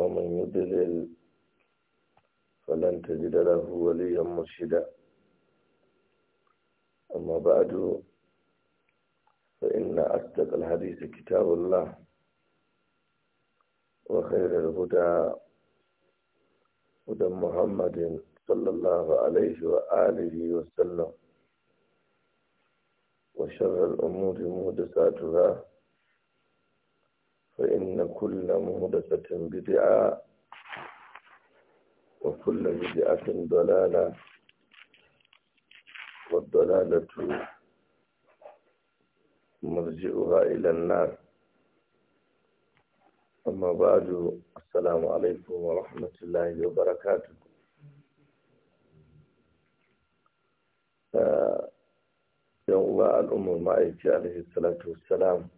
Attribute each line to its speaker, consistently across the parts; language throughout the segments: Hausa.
Speaker 1: ومن يضلل فلن تجد له وليا مرشدا أما بعد فإن أصدق الحديث كتاب الله وخير الهدى هدى محمد صلى الله عليه وآله وسلم وشر الأمور مهدساتها فإن كل مهدثة بدعة وكل بدعة ضلالة والضلالة مرجعها إلى النار أما بعد السلام عليكم ورحمة الله وبركاته آه، يوم الأمر معك عليه الصلاة والسلام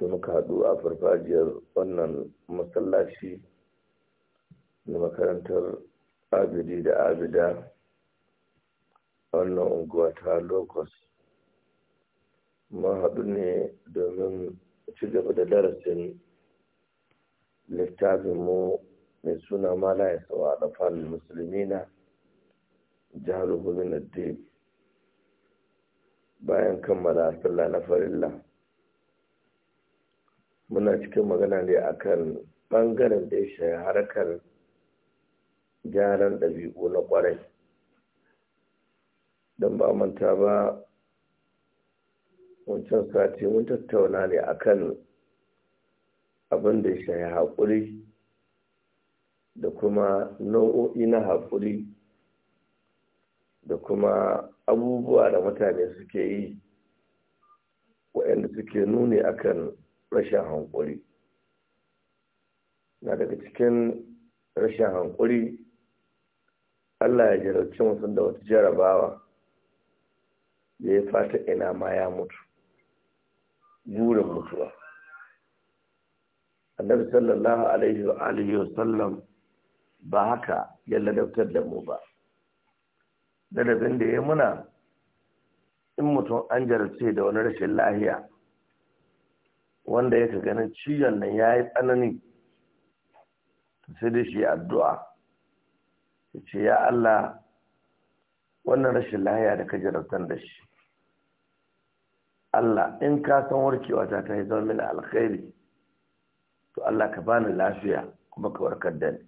Speaker 1: da muka haɗu a farfajiyar wannan masallaci na makarantar abidi da abida wannan unguwa ta locus haɗu ne domin ci gaba da darasin littafinmu mai suna mala ya sawa da falin musulmi na jihar hulunar bayan kammala sallah na farilla muna cikin magana ne akan ɓangaren da ya harkar gyaran ɗabi'u na ƙwarai don ba manta ba wancan sati mun tattauna ne akan abin da ya haƙuri da kuma nau'o'i na haƙuri da kuma abubuwa da mutane suke yi waɗanda suke nuni akan rashin hankuri na daga cikin rashin hankuri Allah ya jarabci mutum da wata jarabawa da ya fata ina ma ya mutu burin mutuwa annabi sallallahu alaihi wa alihi wa sallam ba haka ya ladabtar da mu ba ladabin da ya muna in mutum an jarabce da wani rashin lahiya wanda yake ganin ciyon nan ya yi tsanani sai da shi addu'a ya ce ya Allah wannan rashin lahiya da ka jarabtar da shi Allah in ka san warkewa ta ta yi zama mini alkhairi to Allah ka bani lafiya kuma ka warkar da ni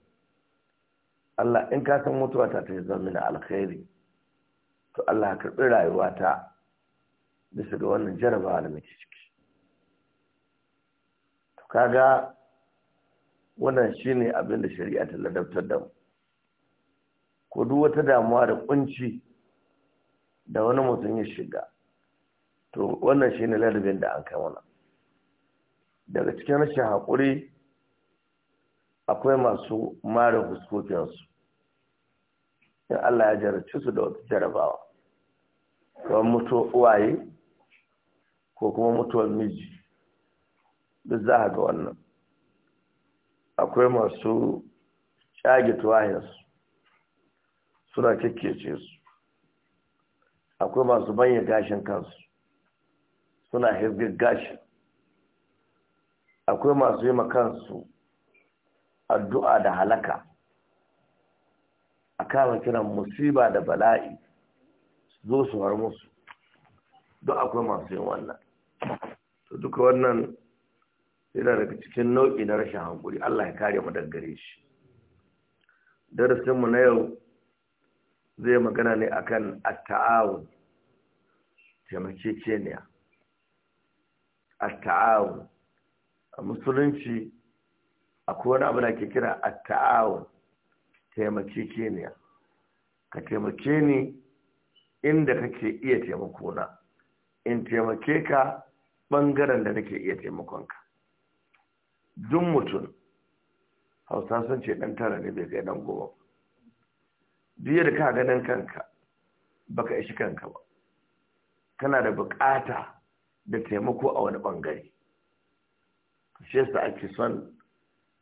Speaker 1: Allah in ka san mutuwa ta ta yi zama mini alkhairi to Allah ka karɓi rayuwata bisa ga wannan jarabawa da muke ciki kaga wannan shine abin da shari'a ta ladabtar da mu ko duk wata damuwa da kunci da wani mutum ya shiga to wannan shine ladabin da an kai mana daga cikin rashin haƙuri akwai masu mara fuskokinsu in Allah ya jarabci su da wata jarabawa kamar mutuwar uwaye ko kuma mutuwar miji duk za ga wannan akwai masu shage tuwayensu suna kyakkyace su akwai masu banya gashin kansu suna hirgin gashi akwai masu yi makansu addu'a da halaka a kama kiran musiba da bala'i zo su har musu duk akwai masu yin wannan duka wannan yana daga cikin nau'i na rashin hankuri Allah ya kare mu daga gare shi darasinmu na yau zai magana ne akan at-ta'awun taimakekeniya at a musulunci akwai wani abu da ke kira at-ta'awun taimakekeniya ka taimake ni inda kake iya taimakona in taimake ka bangaren da nake iya taimakonka Dun mutum hausa sun ce ɗan tara ne bai kai ɗan goma duk da ka ganin kanka baka ishi kanka ba kana da bukata da taimako a wani bangare shi yasa ake son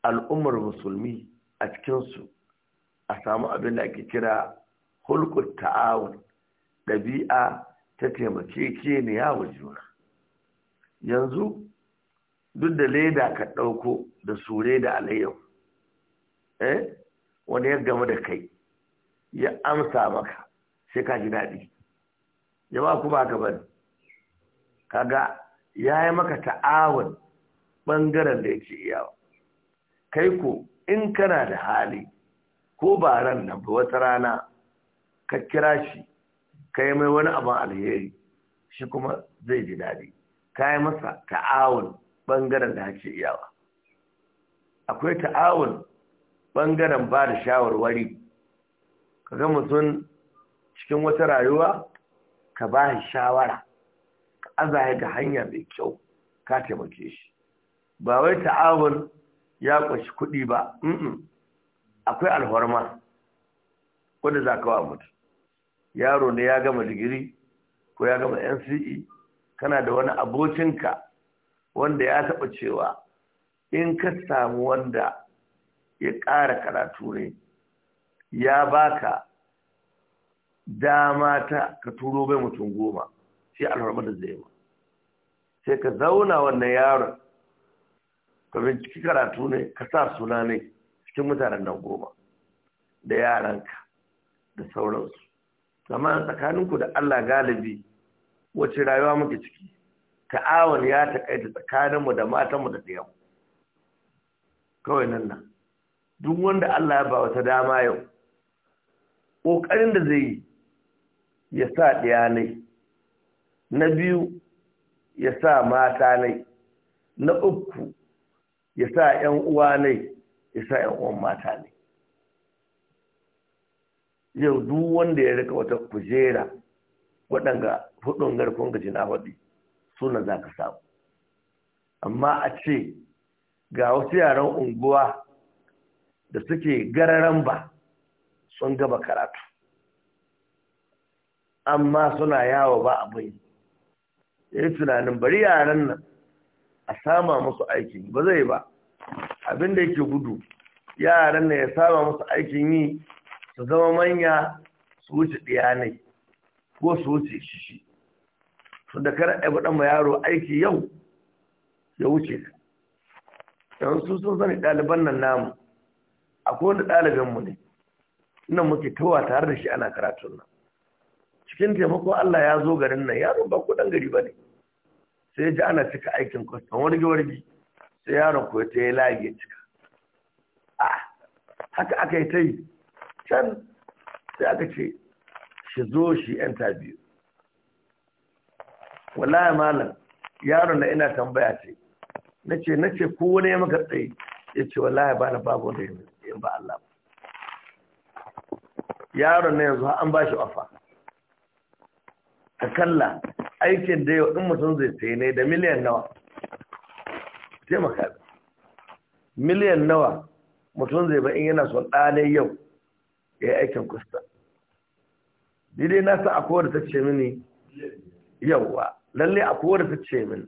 Speaker 1: al'ummar musulmi a cikinsu a samu abin da ake kira hulkut ta'awun ɗabi'a ta taimake yawon juna yanzu duk da leda ka ɗauko da sure da alayyau eh wani ya gama da kai ya amsa maka sai ka ji daɗi jama'a kuma bari? Ka kaga ya yi maka ta'awun ɓangaren da yake iyawa kai ko in kana da hali ko ba ran nan ba wata rana ka kira shi ka yi mai wani abin alheri shi kuma zai ji daɗi ka yi masa ta'awun bangaren da hake iyawa akwai ta'awun bangaren ba da shawarwari ka gama mutum cikin wata rayuwa ka ba shi shawara ka ya ga hanya mai kyau ka taimake shi ba wai ta'awun ya kwashi kuɗi ba akwai alhorma wadda za ka wa mutum yaro ne ya gama digiri ko ya gama nce kana da wani abokinka wanda ya taɓa cewa in ka samu wanda ya ƙara karatu ne ya baka dama ta ka turo bai mutum goma shi alhormar da zai ma sai ka zauna wannan yaron ka binciki karatu ne ka sa suna ne cikin mutanen nan goma da yaranka da sauransu zama tsakaninku da allah galibi wacce rayuwa muke ciki ta'awun ya taƙaita tsakaninmu da matanmu da ɗayan kawai nan nan duk wanda Allah ya ba wata dama yau ƙoƙarin da zai yi ya sa ɗaya ne na biyu ya sa mata ne na uku ya sa ‘yan uwa ne ya sa ‘yan uwan mata ne yau duk wanda ya rika wata kujera waɗanga hudun garkon gajina na faɗi suna za ka samu amma a ce ga wasu yaran unguwa da suke gararan ba sun gaba karatu amma suna yawo ba abin ya yi tunanin bari yaran nan a sama musu aikin ba zai ba abin da yake gudu yaran nan ya sama musu aikin yi su zama manya su wuce ɗiyanai ko su wuce shishi su da kar a faɗa yaro aiki yau ya wuce ka su sun sani ɗaliban nan namu akwai wani ɗaliban mu ne na muke tawa tare da shi ana karatun nan cikin taimako Allah ya zo garin nan yaro ba ɗan gari ba ne sai ji ana cika aikin kwastan wargi-wargi sai yaron ko ta yi lage cika a haka aka yi ta yi can sai aka ce shi zo shi yan biyu wallahi malam yaron da ina tambaya ce nace nace ko wani ya maka tsaye yace wallahi ba na babu da in ba Allah yaron ne yanzu an ba shi ofa ka kalla aikin da yau in mutum zai sai ne da miliyan nawa taimaka maka miliyan nawa mutum zai ba in yana son ɗane yau ya yi aikin kusta Dide na sa akwai da ta ce mini yauwa lalle a kowar ta ce min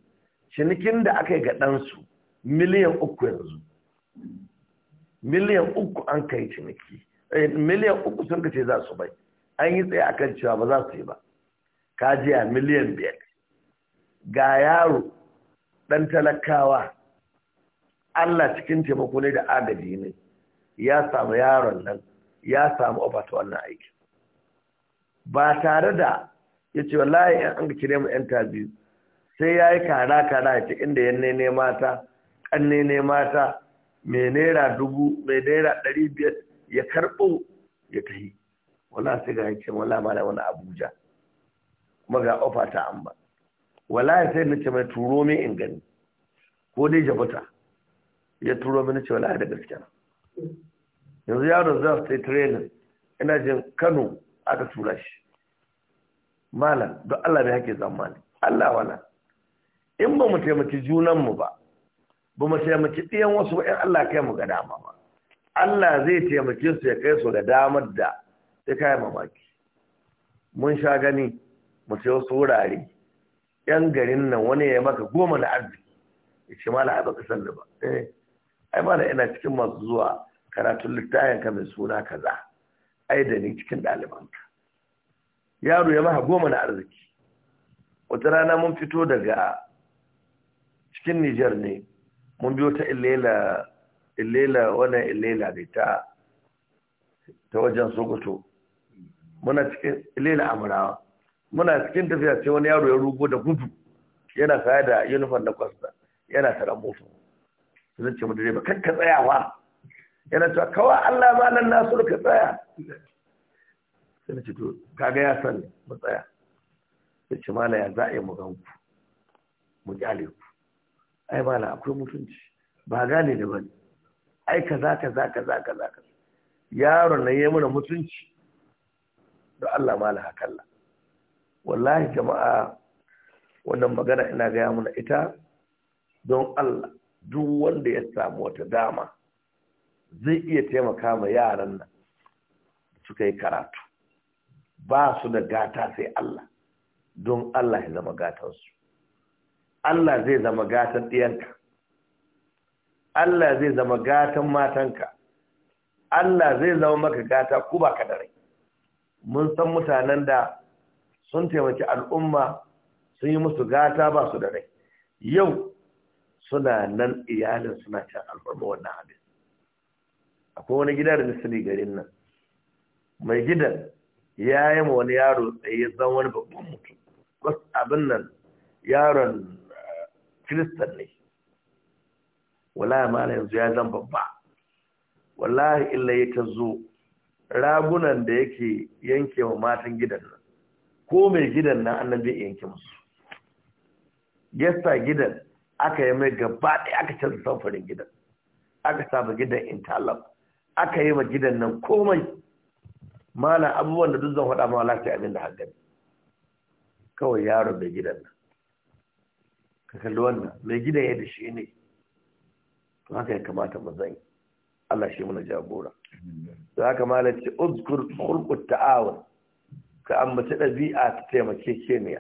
Speaker 1: cinikin da aka yi ga ɗansu miliyan uku yanzu miliyan uku an kai ciniki eh, miliyan uku sun ka ce za su bai an yi tsaye akan cewa ba za su yi ba kajiya miliyan biyar ga yaro ɗan talakawa Allah cikin taimako ne da agaji ne ya samu yaron nan ya samu ofata wannan aikin ba tare da ya ce wallahi an kire mu yan tabi sai ya yi kara kara ta inda yanne ne mata kan ne mata mai naira dubu mai naira ɗari biyar ya karɓo ya tahi wala sai ga yake wala ma da wani abuja kuma ga ofa ta an ba wala sai na ce mai turo mai in gani ko dai jabuta ya turo na ce wala da gaskiya yanzu yaro za su yi training ina jin kano aka tura shi malam don Allah ne hake tsammani Allah wala in ba mu taimaki junanmu ba ba mu taimaki ɗiyan wasu ba in Allah kai mu ga dama ba Allah zai taimake su ya kai su ga damar da sai kai mamaki mun sha gani mu ce wasu wurare yan garin nan wani ya maka goma na arziki ya ce mala ai baka san ba eh ai mala ina cikin masu zuwa karatun littafin ka mai suna kaza ai da ni cikin ɗalibanka yaro ya maha goma na arziki wata rana mun fito daga cikin Nijar ne mun biyo ta illela illela wannan illela ne ta ta wajen Sokoto muna cikin illela Amarawa muna cikin tafiya sai wani yaro ya rugo da gudu yana saya da uniform na kwasta yana tara moto zan ce mu direba kakka tsayawa yana cewa kawai Allah ma nan nasu ka tsaya sai na ce to kaga ya sani mu tsaya sai ce mala ya za a yi mu gan ku mu kyale ku ai mala akwai mutunci ba gane da bane ai kaza kaza kaza kaza kaza yaron na yayi mana mutunci don Allah mala hakalla wallahi jama'a wannan magana ina gaya mana ita don Allah duk wanda ya samu wata dama zai iya taimaka ma yaran nan suka yi karatu ba su da gata sai Allah don Allah ya zama gatansu Allah zai zama gatan ɗiyanka Allah zai zama gatan matanka Allah zai zama maka gata ku ba ka da mun san mutanen da sun taimaki al'umma sun yi musu gata ba su da rai yau suna nan iyalin suna can alfarma wannan abin akwai wani gidan da sani garin nan mai gidan ya yi ma wani yaro tsaye zan wani babban mutum wasu abin nan yaron eh, kristan ne wallahi ma yanzu ya zan babba wallahi illa ya ta zo ragunan da yake yanke wa matan gidan nan ko mai gidan nan annabi yanke musu Gesta gidan aka yi mai gaba ɗaya aka canza samfarin gidan aka saba gidan intalab aka yi ma gidan nan komai Mana abubuwan da duk zan faɗa ma lafiya abin da hankali kawai yaro mai gidan nan ka kalli wannan mai gidan yadda shi ne to haka ya kamata mu zan Allah shi muna jagora To haka mala ce uzkur khulqut ta'awun ka ambaci ɗabi'a ta taimake keniya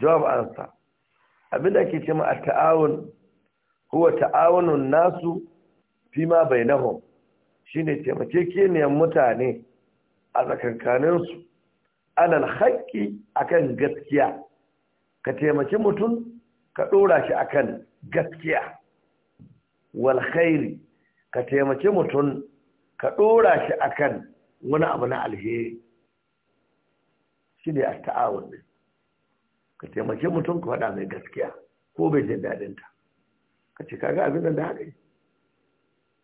Speaker 1: jawab ansa da ke ce ma a ta'awun huwa ta'awunun nasu fima bainahum shine taimake keniyan mutane a tsakankaninsu alal haƙƙi akan gaskiya ka taimaki mutum ka ɗora shi akan gaskiya wal khairi ka taimaki mutum ka ɗora shi akan wani abu na alheri shi ne a ta'awun ne ka taimaki mutum ka faɗa mai gaskiya ko bai jin daɗinta ka ce kaga abin da haka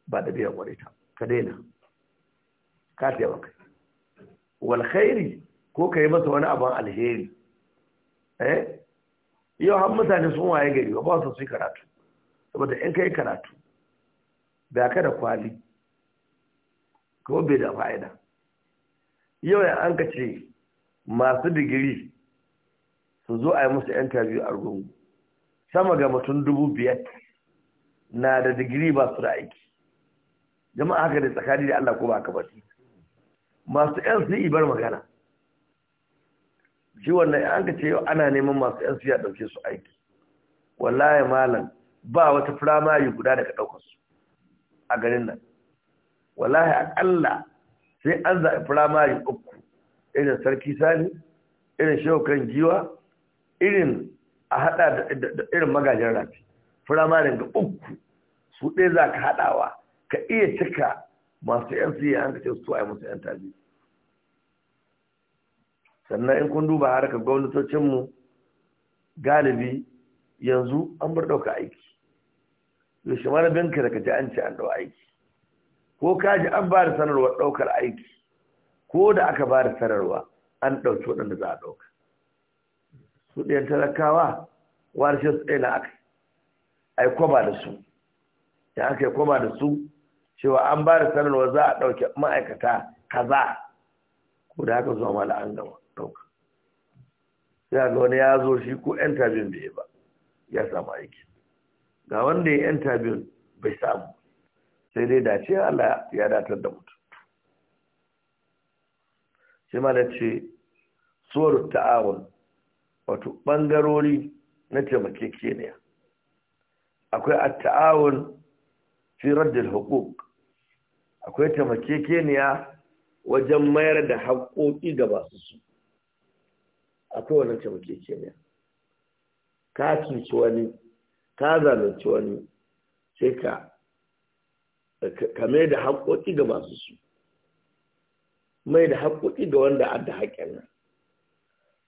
Speaker 1: ba da biyan wani ta ka daina ka taimaka wal ko ka yi masa wani abin alheri eh yau har mutane sun waye gari ba su su karatu saboda in kai karatu da ka da kwali ko bai da fa'ida yau ya an ka masu digiri su zo a yi musu interview a rungu sama ga mutum dubu biyar na da digiri ba su da aiki jama'a haka da tsakani da Allah ko ba ka bati masu yan su bar magana shi wannan an ka ce yau ana neman masu yan su ya ɗauke su aiki wallahi malam ba wata firamare guda da ka ɗaukar su a garin nan wallahi aƙalla sai an zaɓi firamare uku irin sarki sani irin shaukan giwa irin a haɗa da irin magajin rafi firamarin ga uku su ɗaya za ka haɗawa ka iya cika masu yan siya an kace su a yi musu yan tabi sannan in kun duba harkar mu galibi yanzu an bar ɗauka aiki yaushe mana binka da kaje an ce an aiki ko kaji an ba da sanarwar ɗaukar aiki ko da aka ba da sanarwa an ɗauki waɗanda za a ɗauka su ɗayan talakawa warshe su ɗaya na aka ai kwaba da su ya aka da su cewa an ba da sanarwa za a ɗauki ma'aikata kaza ko da haka zuwa mala an gama ɗauka sai ga wani ya zo shi ko yan tabin bai ba ya samu aiki ga wanda ya yan tabin bai samu sai dai dace Allah ya datar da mutum sai ma da ce suwar ta'awun wato ɓangarori na taimakekeniya akwai a ta'awun fi raddin hukuk akwai taimakekeniya wajen mayar da haƙoƙi ga basu su akwai wannan taimakekeniya ka cinci wani ka zalunci wani sai ka kame da haƙoƙi ga masu su mai da haƙoƙi ga wanda adda haƙƙin nan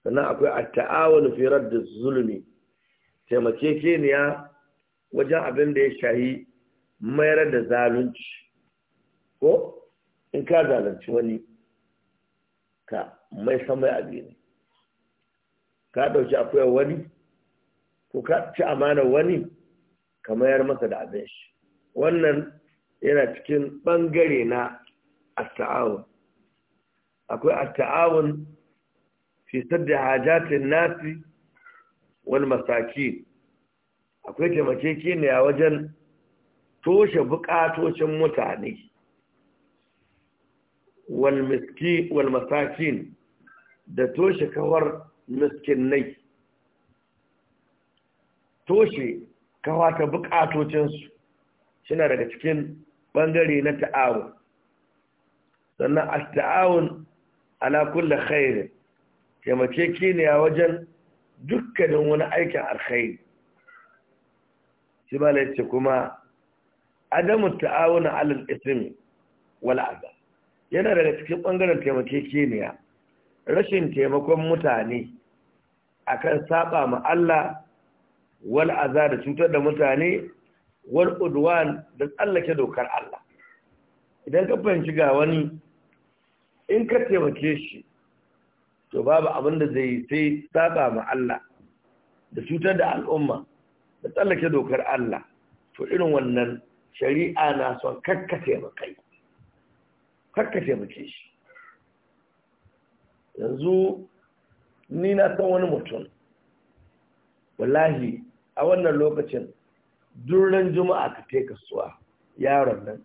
Speaker 1: sannan akwai a ta'awun firar da zulmi taimakekeniya wajen abin da ya shahi mayar da zalunci ko in ka zalunci wani ka mai san mai abin ka dauki akwai wani ko ka ci amana wani ka mayar masa da abin shi wannan yana cikin bangare na asta'awun akwai asta'awun fi sadda hajatin nasi wal masaki akwai taimakekeniya wajen toshe bukatocin mutane wal da toshe kawar miskinai toshe kawa ta bukatocinsu shina daga cikin bangare na ta'awun sannan a ta'awun ala kulle khairin taimake kiniya wajen dukkanin wani aikin alkhairi shi ba kuma adamu ta'awun alal ismi wal yana daga cikin ɓangaren taimakekeniya rashin taimakon mutane akan saba ma Allah wal aza da cutar da mutane wal udwan da tsallake dokar Allah idan ka fahimci ga wani in ka taimake shi to babu abin da zai sai saba ma Allah da cutar da al'umma da tsallake dokar Allah to irin wannan shari'a na son kakka taimakai Ka taimake shi yanzu ni na san wani mutum wallahi a wannan lokacin durin juma'a ka te kasuwa yaron nan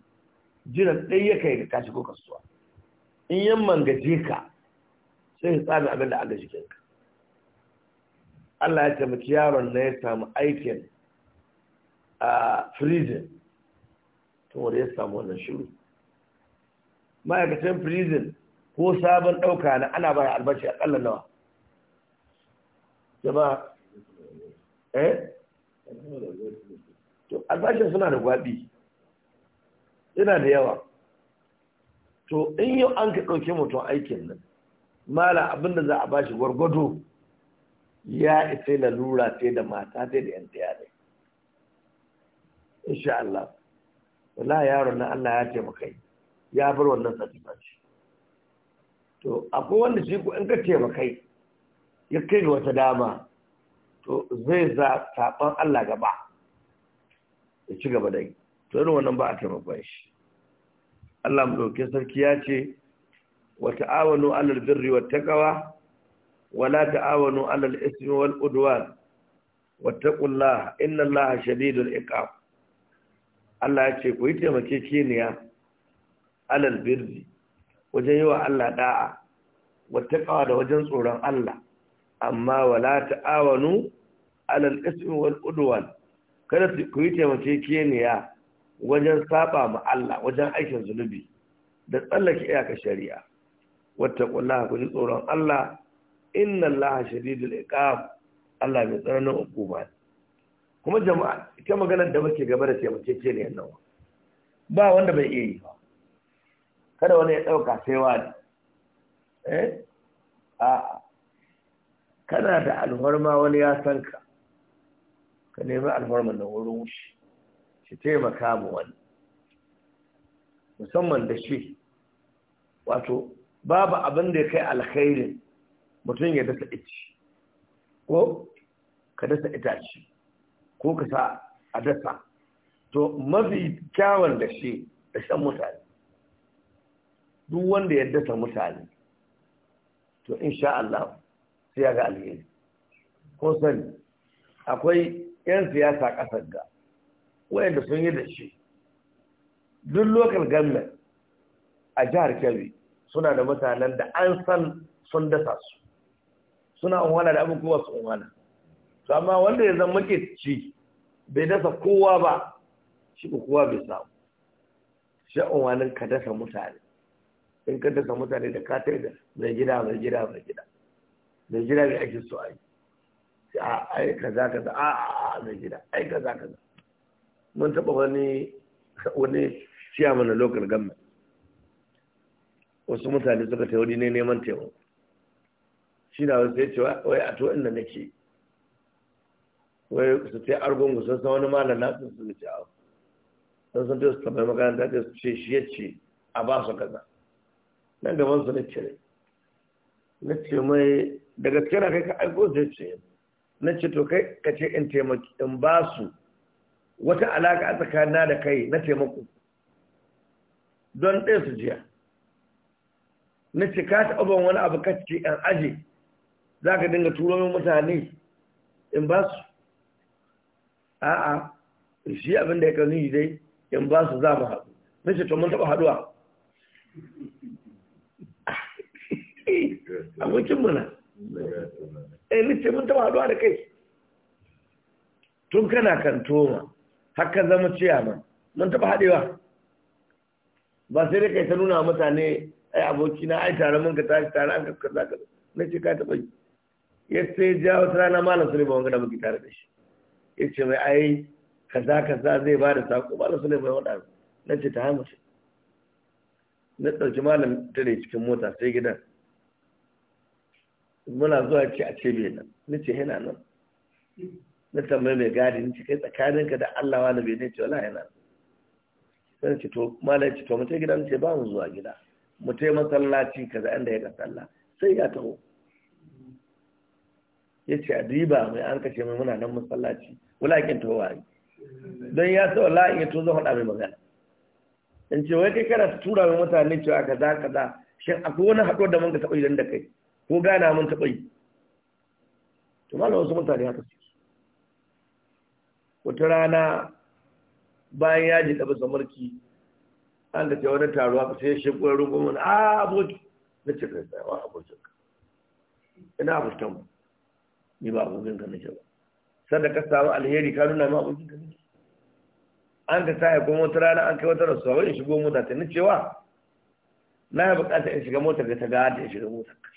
Speaker 1: jiran ɗaya ya kai ka kashi ko kasuwa in yamman gaje ka sai ka tsami abin da aga jikinka Allah ya taimaki yaron na ya samu aikin a freezing to ya samu wannan shiru ma'aikatan prison ko sabon ɗauka na ana baya albashi a ƙalla nawa jama'a eh to albashin suna da gwaɓi yana da yawa to in yau an ka ɗauke mutum aikin nan mala abinda za a bashi gwargwado ya yi lalura sai da mata sai da yan yare. insha Allah wala yaro na Allah ya taimakai ya bar wannan satisfaction to akwai wanda shi in ka taimakai ya kai da wata dama to zai za saɓon Allah gaba ya ci gaba dai to yana wannan ba a taimakon shi Allah mu ɗauke sarki ya ce wa ta'awanu alal birri wat taqwa wa la ta'awanu alal ismi wal udwan wattaqullaha inna Allaha shadidul iqab Allah ya ce ku yi taimakekeniya alal birri wajen yi wa Allah da'a kawa da wajen tsoron Allah amma wala ta'awanu alal ismi wal udwan kada ku yi keniya wajen saba ma Allah wajen aikin zunubi da tsallake iyaka shari'a wata wattaqullaha ku ji tsoron Allah inna Allah shadidul iqab Allah mai tsananin hukuma kuma jama'a ita maganar da muke gaba da keniya nan ba wanda bai iya yi ba kada wani ya ɗauka sai wani eh a kana da alhorma wani ya san ka ka nemi alhorman da wurin wuce shi taimaka mu wani musamman da shi wato babu abin da ya kai alkhairin mutum ya dasa ita. ko ka dasa itace ko ka sa a dasa to mafi kyawun da shi da shan mutane duk wanda ya dasa mutane to insha Allah sai ya ga alheri ko sani akwai 'yan siyasa ƙasar ga wayanda sun yi da shi duk local government a jihar kebbi suna da mutanen da an san sun dasa su suna unwana da abin kowa su unwana to amma wanda ya zama ci bai dasa kowa ba shi kowa bai samu shi ka dasa mutane in ka dasa mutane da ka da mai gida mai gida mai gida mai gida mai ake so a yi a ai kaza kaza a a mai gida ai kaza kaza mun taba wani wani ciya mana local government wasu mutane suka ta wani ne neman taimako shi na wasu ya ce wai a to inda nake wai su ce argon gusa san wani malam na sun su ce awa sun san ta su tambayi makaranta ta su ce shi ya ce a ba su kaza nan gaban su na cire na ce mai da gaske na kai ka aiko zai ce na ce to kai ka ce in taimaki in ba su wata alaka a tsakanina da kai na taimako don ɗaya su jiya na ce ka taɓa ban wani abu kacce an aji za ka dinga turo min mutane in ba su a'a shi abin da ya kanu dai in ba su za mu haɗu na ce to mun taɓa haɗuwa eh abokin mu na eh lice mun taba haɗuwa da kai tun kana kan toma har zama zama ciyaman mun taba haɗewa ba sai dai kai ta nuna mutane ai aboki na ai tare mun ka tashi tare an ka kaza ka na ce ka taba yi ya sai ja wata rana malam ba wanga da muke tare da shi ya ce mai ai kaza kaza zai ba da sako malam ne bai wada na ce ta hamu na ɗauki malam tare cikin mota sai gidan muna zuwa ce a ce bai nan ni ce yana nan na tambayi mai gadi ni ce kai tsakaninka da Allah wa bai ne ce wala yana sai ce to malai ce to mutai gidan ce ba mu zuwa gida mutai masallaci kaza inda ya kasalla, sallah sai ya taho ya ce a mai an kace mai muna nan masallaci wulakin to wa don ya sa wala iya to zan hada mai magana in ce wai kai kana tura mai mutane cewa kaza kaza shin akwai wani haɗuwar da mun ka taɓa idan da kai ko gana mun taɓa yi to malam wasu mutane haka su wata rana bayan ya ji ɗaba samarki an da ta wani taruwa ka sai ya shekwa ya rungun a ah, aboki na ce kai tsayawa abokin ka ina abokin mu ni ba abokin ka nake ba sanda ka samu alheri ka nuna ma abokin ka nake an ka sa ya kuma wata rana an kai wata rasuwa wani shigo mota ta ni cewa na ya bukata in shiga motar da ta ga da shiga motar ka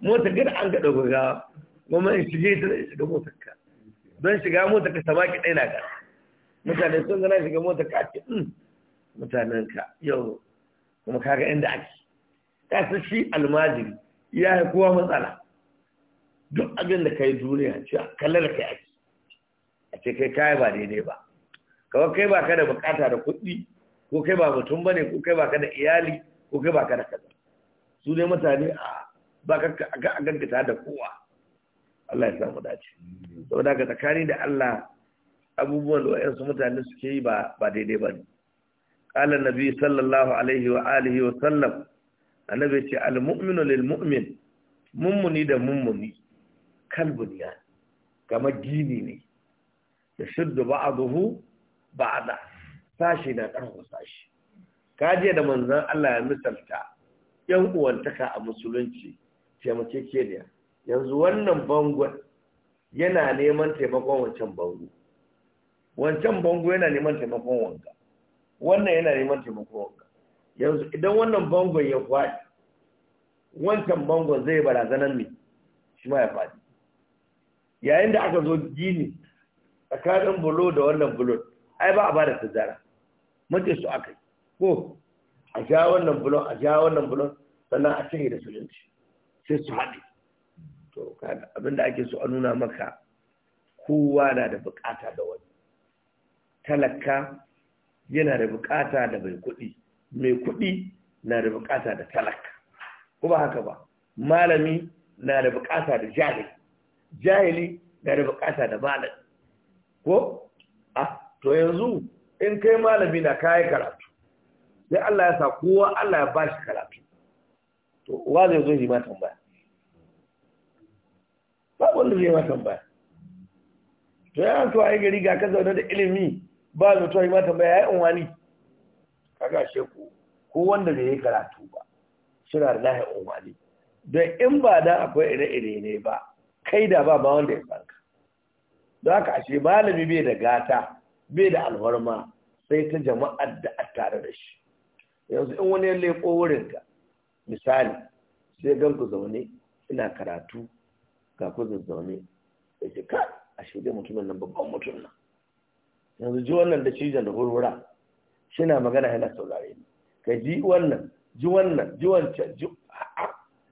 Speaker 1: motar gida an gaɗa ɗauka kuma in shige ta da shiga motar ka don shiga motar ka sama ki ɗaya na ka mutane sun gana shiga motar ka ce hmm, mutanen ka yau kuma kaga inda ake ka san shi almajiri ya yi kowa matsala duk abin da ka yi duniya ce a kalla da kai ake a ce kai kayi ba daidai ba kawai kai ba ka da bukata da kuɗi ko kai ba mutum ba ne ko kai ba ka da iyali ko kai ba ka da kaza su ne mutane a ba a gaggata da kowa Allah ya samu dace saboda ga tsakani da Allah abubuwan da wayansu mutane suke yi ba daidai ba ne qala nabi sallallahu alaihi wa alihi wa sallam annabi ce al mu'minu lil mu'min mummuni da mummuni kalbun ya kama gini ne da shuddu ba'dahu ba'da sashi na karfa sashi kaje da manzon Allah ya misalta yan uwantaka a musulunci ne yanzu wannan bangon yana neman taimakon wancan bango wancan bango yana neman taimakon wanga wannan yana neman taimakon wanga yanzu idan wannan bangon ya faɗi wancan bangon zai barazanar ne shi ma ya faɗi yayin da aka zo gini tsakanin bulo da wannan bulo ai ba a ba da tazara mace su aka yi ko a ja wannan bulon a ja wannan bulon sannan a cire da sulinci sai su haɗe to kada abinda ake so a nuna maka kowa na da bukata da wani talaka yana da bukata da mai kuɗi mai kuɗi na da bukata da talaka ko ba haka ba malami na da bukata da jahili jahili na da bukata da malami ko ah to yanzu in kai malami na kayi karatu sai Allah ya sa kowa Allah ya bashi karatu to uwa zai zo shi ma tambaya ba wanda zai ma tambaya to ya to ai gari ga ka zaune da ilimi ba zato yi ma tambaya ya yi unwani kaga sheku ko wanda zai yi karatu ba suna da lahi unwani don in ba da akwai ire-ire ne ba kai da ba ma wanda ya sanka don haka ashe malami bai da gata bai da alwarma sai ta jama'ar da a tare da shi yanzu in wani ya leƙo wurinka misali sai gan ku zaune ina karatu ga ku zaune ya ce ka a shirya mutumin nan babban mutum nan yanzu ji wannan da shi da shi na magana yana saurare ne ka ji wannan ji wannan ji wancan ji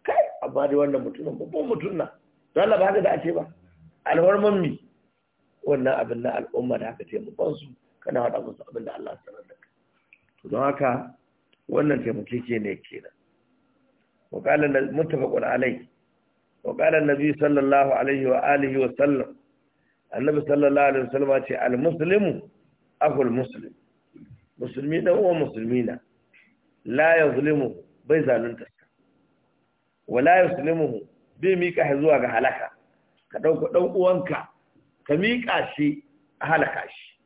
Speaker 1: kai ba da wannan mutumin babban mutum nan don Allah ba haka da ake ba alhorman mi wannan abin na al'umma da haka ban su kana haɗa musu abin da Allah sanar da ka. don haka wannan taimakeke ne ke nan wakalar da mutafakun alai wakalar na biyu sallallahu alaihi wa alihi wa sallam annabi sallallahu alaihi wa sallam a ce al-musulmi akwai musulmi musulmi na uwa musulmi na layan zulimu bai zanunta su wa layan mu bai miƙa shi zuwa ga halaka ka ɗauka ɗan uwanka ka miƙa shi a halaka shi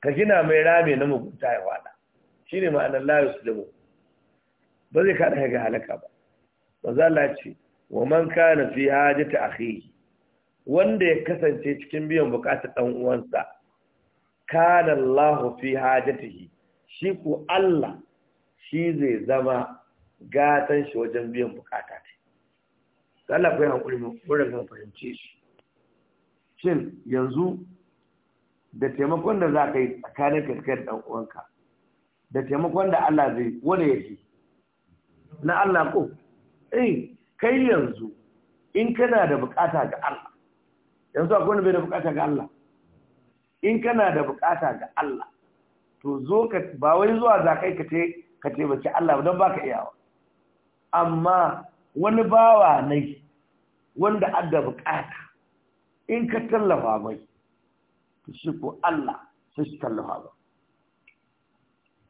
Speaker 1: ka gina mai rame na mugunta ya waɗa shine ma'anar da yuslimu ba zai kada ga halaka ba za la ce wa man kana fi ta akhi wanda ya kasance cikin biyan bukatar dan uwansa kana Allah fi hajjatihi shi ko Allah shi zai zama gatan shi wajen biyan bukata ta Allah kai hankuri mu wurin kan fahimce shi shin yanzu da taimakon da za ka yi tsakanin ka da dan uwanka da taimakon da Allah zai wani fi na Allah ko eh kai yanzu in kana da bukata ga Allah yanzu akwai wani bai da bukata ga Allah in kana da bukata ga Allah to zo ka ba wai zuwa za kai ka te ka te ki Allah don baka iyawa amma wani bawa ne wanda adda bukata in ka tallafa mai to shi ko Allah sai shi tallafa ba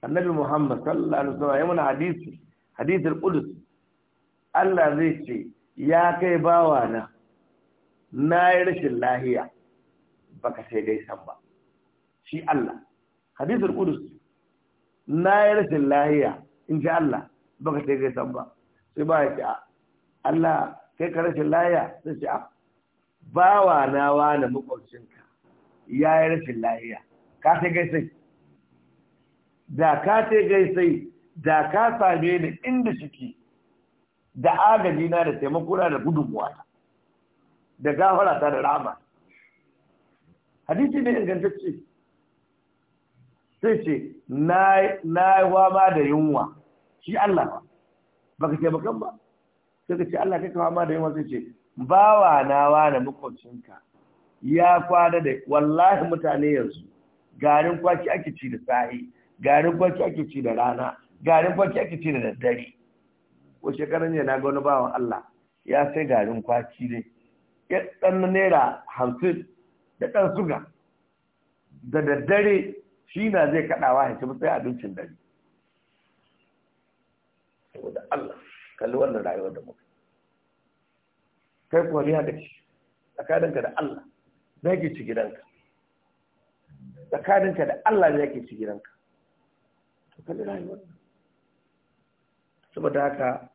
Speaker 1: annabi muhammad sallallahu alaihi wasallam yana hadisi hadisul qudus Allah zai ce ya kai bawa na na rashin lahiya baka sai dai san ba shi Allah hadisul qudus na rashin lahiya in ji Allah baka sai dai san ba sai ba ya ce Allah kai ka rashin lahiya sai ce a bawa na wani makwabcinka ya rashin lahiya ka sai gaisai da ka te gaisai da ka same ni inda suke da agaji na da taimakona da gudunmuwa da gafara ta da rama hadisi ne ingantacce sai ce na yi wama da yunwa shi Allah ba baka taimakan ba sai ka ce Allah kai kawo ma da yunwa sai ce bawa na wane makwabcinka ya kwana da wallahi mutane yanzu garin kwaki ake ci da sahi garin barci ake ci da rana garin barci ake ci da daddare ko shekaran jiya na ga wani bawan Allah ya sai garin kwaci ne ya ɗan naira hamsin da ɗan suga da daddare shi na zai kaɗawa ya ci sai abincin dare saboda Allah kalli wannan rayuwar da muka kai kuwa ni da shi tsakaninka da Allah zai ke ci gidanka tsakaninka da Allah zai ke ci gidanka saboda haka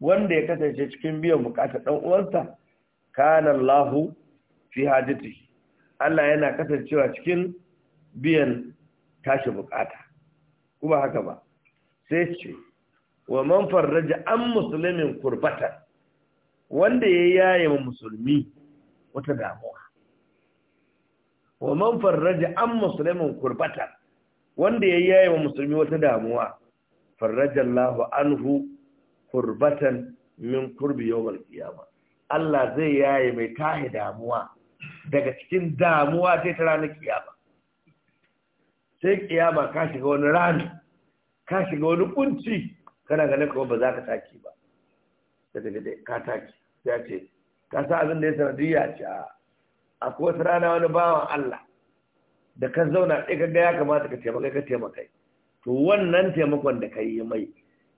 Speaker 1: wanda ya kasance cikin biyan bukata dan uwansa kana Allahu fi Allah yana kasancewa cikin biyan tashi bukata kuma haka ba sai ce wa man farraja an musulmin kurbata wanda ya yaye musulmi wata damuwa wa man farraja an muslimin kurbata wanda ya yaye wa musulmi wata damuwa farrajallahu anhu kurbatan min kurbi yawmal qiyama Allah zai yaye mai tahi damuwa daga cikin damuwa sai ta ranar kiyama sai kiyama ka shiga wani rani ka shiga wani kunci kana ganin kawai ba za ka taki ba daga ka taki ya ce ka sa abin da ya sanadiyya ce a akwai wata rana wani bawan Allah da ka zauna ɗai ka ga ya kamata ka taimaka ka taimaka to wannan taimakon da ka yi mai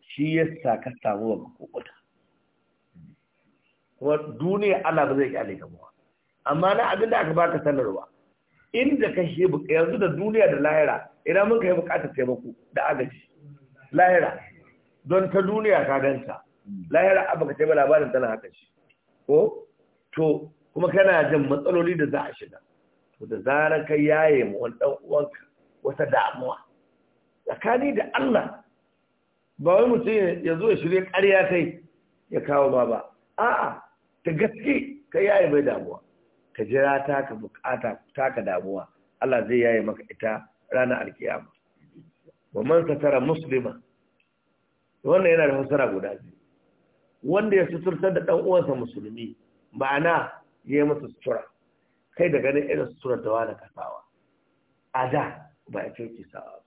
Speaker 1: shi ya sa ka samu wa kuma duniya Allah ba zai kyale ka ba amma na abin da aka baka sanarwa inda ka shi yanzu da duniya da lahira idan mun kai bukatar taimako da agaji lahira don ta duniya ka ganta lahira abu ka taimaka labarin tana haka shi ko to kuma kana jin matsaloli da za a shiga Ku da zarar kai yaye mu wani dan uwanka wata damuwa tsakani da Allah ba wai mutum ya zo ya shirya ƙarya kai ya kawo ba ba a'a ta gaske ka yaye mai damuwa ka jira ta ka bukata ta ka damuwa Allah zai yaye maka ita ranar alkiyama wa man satara muslima wannan yana da fasara guda biyu wanda ya suturtar da dan uwansa musulmi ma'ana ya yi masa sutura kai da ganin irin suturar da wani kasawa a da ba a ce ke sawa ba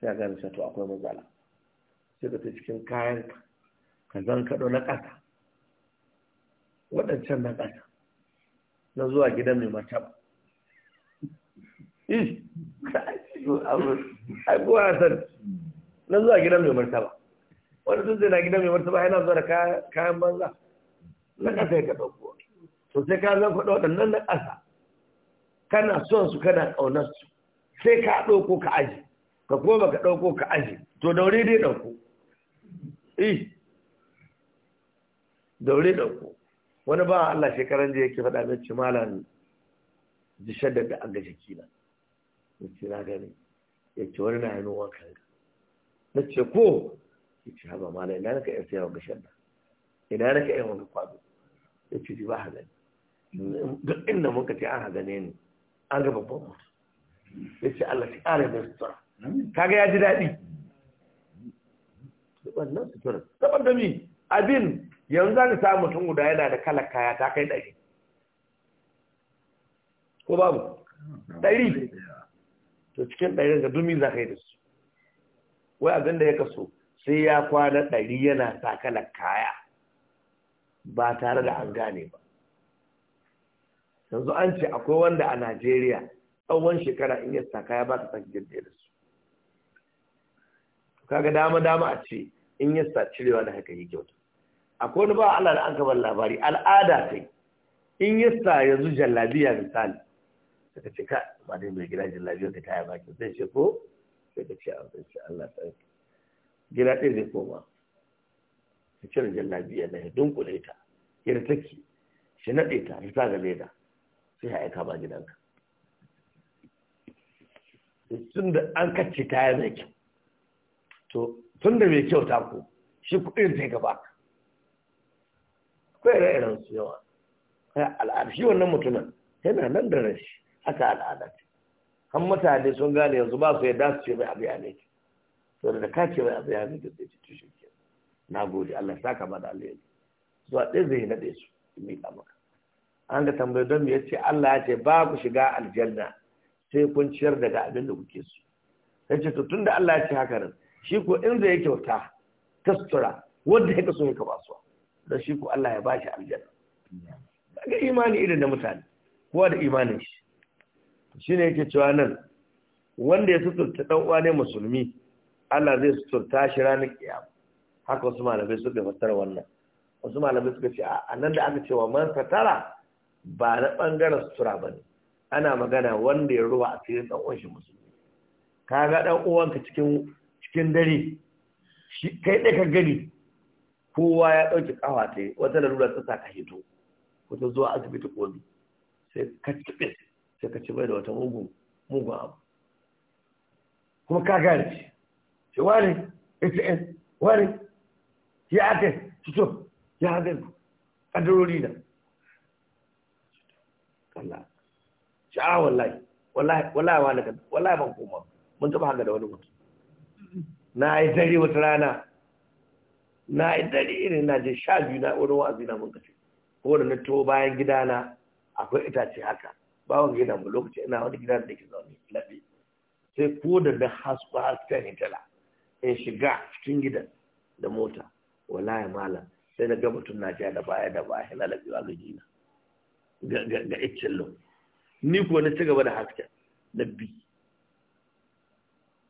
Speaker 1: sai a gane shato akwai matsala sai ka ta cikin kayan ka zan kaɗo na ƙasa waɗancan na ƙasa na zuwa gidan mai mata ba na zuwa gidan mai martaba wani sun zai na gidan mai martaba yana zuwa da kayan banza na ƙasa ya ka ɗauko to sai ka zan faɗa waɗannan na ƙasa kana son su kana ƙaunar su sai ka ɗauko ka aji ka kuma ka ɗauko ka aji to daure dai ɗauko eh daure ɗauko wani ba Allah shekaran da yake faɗa mai cimala ne jishar da da an ga jiki na ya ce na gani ya ce wani na yi nuwan kanka na ce ko ya ce haɓa na, ina naka yarsa sayawa gashar da ina naka yawon wani kwado ya ce ji ba ha duk inda muka ce an haga ne ni an ga babban mutum ya ce Allah ta ƙara mai sutura kaga ya ji daɗi wannan sutura saboda mi abin yanzu an sa mutum guda yana da kalar kaya ta kai ɗari ko babu ɗari to cikin ɗari ga dumi za ka yi da su wai abin da ya kaso sai ya kwana ɗari yana sa kalar kaya ba tare da an gane ba yanzu an ce akwai wanda a najeriya tsawon shekara in yasta kaya ba ta san girbe da su kaga dama dama a ce in yasta cirewa da haka yi kyauta akwai wani ba Allah da an kabar labari al'ada ta in yasta yanzu jallabiya misali suka ce ka ba dai mai gida jallabiya ta kaya baki. zai ce ko sai ka ce a zai ce Allah ta yi. gida ɗaya zai koma ta cire jallabiya na ya dunkule ta ya ke, shi naɗe ta ya sa ga leda sai ya aika ba gidanka tun da an kacce kaya mai kyau to tun da mai kyau ta ku shi kuɗin sai ka baka akwai ire-iren su yawa al'ada shi wannan mutumin yana nan da rashi haka al'ada ce kan mutane sun gane yanzu ba su yadda su ce mai abu ya ne to da ka ce mai abu ya ne zai ci tushe ke na gode Allah saka ba da alheri zuwa ɗaya zai naɗe su mi maka an ga tambayi don ya ce Allah ya ce ba ku shiga aljanna sai kun ciyar daga abin da kuke so sai ce tun da Allah ya ce haka nan shi ko in zai kyauta tastura wanda ya kaso ya ba su don shi ko Allah ya ba shi aljanna daga imani irin da mutane kowa da imanin shi shi ne yake cewa nan wanda ya suturta dan uwa ne musulmi Allah zai suturta shi ranar kiyama haka wasu malamai suka fassara wannan wasu malamai suka ce a nan da aka cewa man satara ba na ɓangaren sutura ba ne ana magana wanda ya ruwa a cikin ɗan'uwan shi musulmi ka ga ɗan'uwanka cikin dare kai ɗai ka gani kowa ya ɗauki ƙawa ta yi wata larura ta sa ka hito ko ta zuwa asibiti komi sai ka cibe sai ka ci bai da wata mugun mugun abu kuma ka gane shi shi wani hn wani ya ake fito ya haɗin kadarori na Allah sha'a wallahi wallahi wallahi wallahi ban koma mun taba haka da wani mutum na yi dare wata rana na yi dare irin na je sha biyu na wani wa'azi na mun kace ko da na to bayan gidana akwai itace haka bawon gidan mu lokaci ina wani gidan da ke zaune labi sai ko da na hasko haska ne tala in shiga cikin gidan da mota wallahi malam sai na ga mutum na ja da baya da baya na labi wa gajina ga iccen lau ni kuwa na ci gaba da haska na bi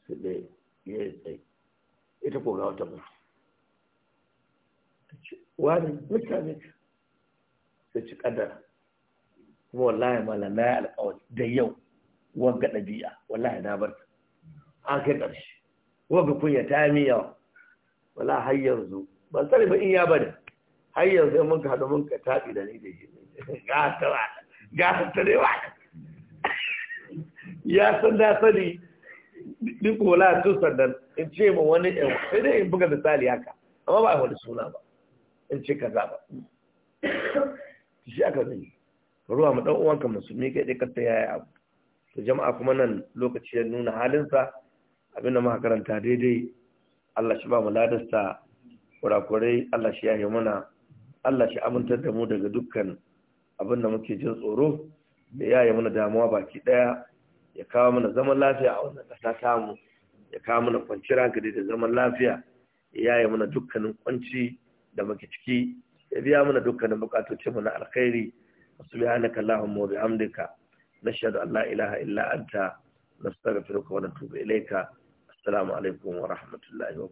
Speaker 1: su ɗaya ya yi tsaye ita ko ga wata mutu wani mutane sai ci ƙadara kuma wallahi mala na yi da yau wanga ɗabi'a wallahi na bar an kai ƙarshe wanga kunya ta yi miyawa wallahi har yanzu ban sani ba in ya bada har yanzu mun ka haɗu mun ka taɗi da ni da shi ne Gasa ta ba ya san da sani wala kola tun sandan in ce ma wani yan sai dai in buga misali haka amma ba a wani suna ba in ce kaza ba shi aka zai ruwa mu dan uwanka musulmi kai dai kasta yayi abu to jama'a kuma nan lokaci ya nuna halinsa abinda muka karanta daidai Allah shi ba mu ladarsa kurakurai Allah shi yi muna Allah shi amintar da mu daga dukkan abin da muke jin tsoro da yaye mana damuwa baki daya ya kawo mana zaman lafiya a wannan ƙasa tamu ya kawo mana kwanciyar hankali da zaman lafiya ya yaye mana dukkanin kwanci da muke ciki ya biya mana dukkanin bukatocin mu na alkhairi subhanaka allahumma wa bihamdika nashhadu an la ilaha illa anta nastaghfiruka wa natubu ilayka assalamu alaikum wa rahmatullahi wa